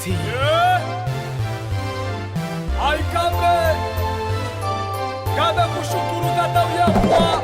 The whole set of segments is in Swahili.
Fatih. Ay kahve! Kahve kuşu kuru da yapma!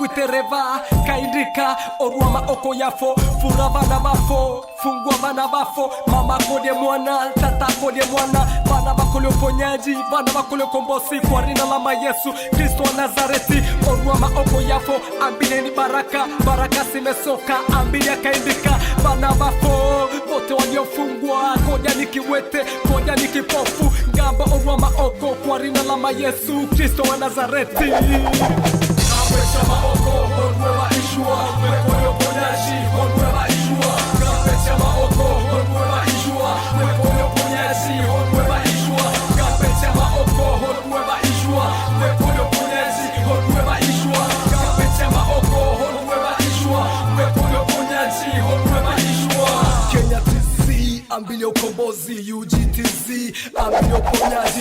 kwitereva kaindika orwa maoko yafo fura vana vafo fungua vana vafo mama kodye mwana tata kodye mwana vana vakole uponyaji vana vakole ukombozi kwa rina la mayesu kristo wa nazareti orwa maoko yafo ambile ni baraka baraka simesoka ambile kaindika vana vafo wote waliofungwa kodya ni kiwete kodya ni kipofu ngamba orwa oko kwa rina la mayesu kristo wa nazareti Ambilio ukombozi UGTZ ambilio uponyaji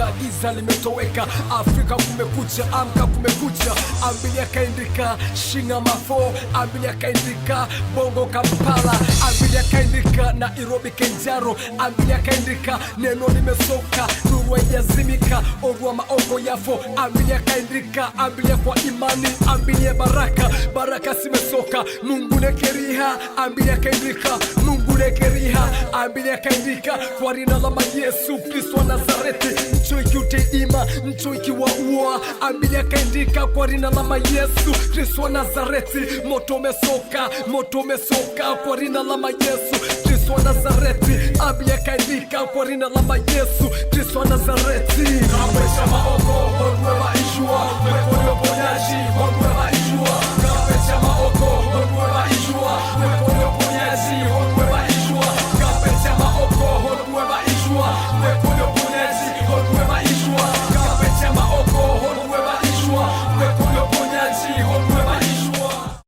Afrika giza limetoweka, Afrika kumekucha, amka kumekucha. Ambilia kaindika Shinga Mafo, ambilia kaindika Bongo Kampala, ambilia kaindika Nairobi Kenjaro, ambilia kaindika neno limesoka Turwa yazimika orwa maongo yafo, ambilia kaindika, ambilia kwa imani, ambilia baraka baraka simesoka Mungu nekeriha, ambilia kaindika Mungu nekeriha, ambilia kaindika kwa rina la Yesu Kristo wa Nazareti mtu ikiuteima mtu ikiwaua Biblia akaendika kwa rina la Yesu kristu wa Nazareti, moto umesoka, moto umesoka kwa rina la Yesu kristu wa Nazareti. Biblia akaendika kwa rina la Yesu kristu wa Nazareti. kamwesha